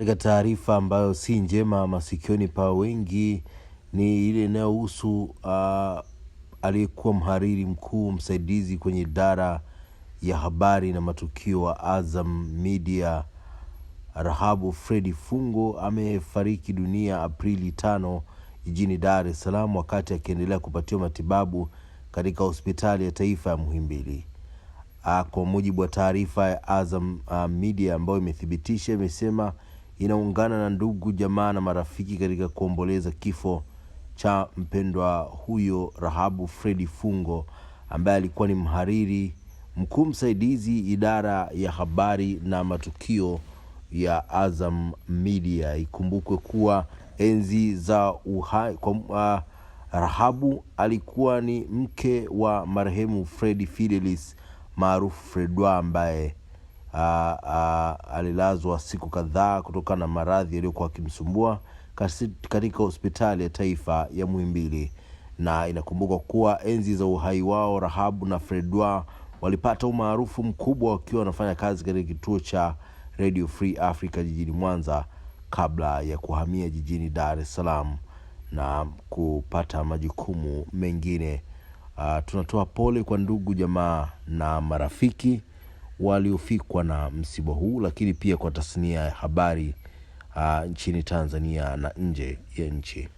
Katika taarifa ambayo si njema masikioni pa wengi ni ile inayohusu uh, aliyekuwa mhariri mkuu msaidizi kwenye idara ya habari na matukio wa Azam Media Rahabu Fredi Fungo amefariki dunia Aprili tano jijini Dar es Salaam wakati akiendelea kupatiwa matibabu katika hospitali ya taifa ya Muhimbili. Kwa mujibu wa taarifa ya Azam uh, Media ambayo imethibitisha imesema inaungana na ndugu jamaa na marafiki katika kuomboleza kifo cha mpendwa huyo Rahabu Fredi Fungo ambaye alikuwa ni mhariri mkuu msaidizi idara ya habari na matukio ya Azam Media. Ikumbukwe kuwa enzi za uhai kwa, uh, Rahabu alikuwa ni mke wa marehemu Fredi Fidelis maarufu Fredwa ambaye alilazwa siku kadhaa kutokana na maradhi yaliyokuwa akimsumbua katika hospitali ya taifa ya Muhimbili. Na inakumbukwa kuwa enzi za uhai wao Rahabu na Fredwa walipata umaarufu mkubwa wakiwa wanafanya kazi katika kituo cha Radio Free Africa jijini Mwanza kabla ya kuhamia jijini Dar es Salaam na kupata majukumu mengine. Uh, tunatoa pole kwa ndugu jamaa na marafiki waliofikwa na msiba huu, lakini pia kwa tasnia ya habari uh, nchini Tanzania na nje ya nchi.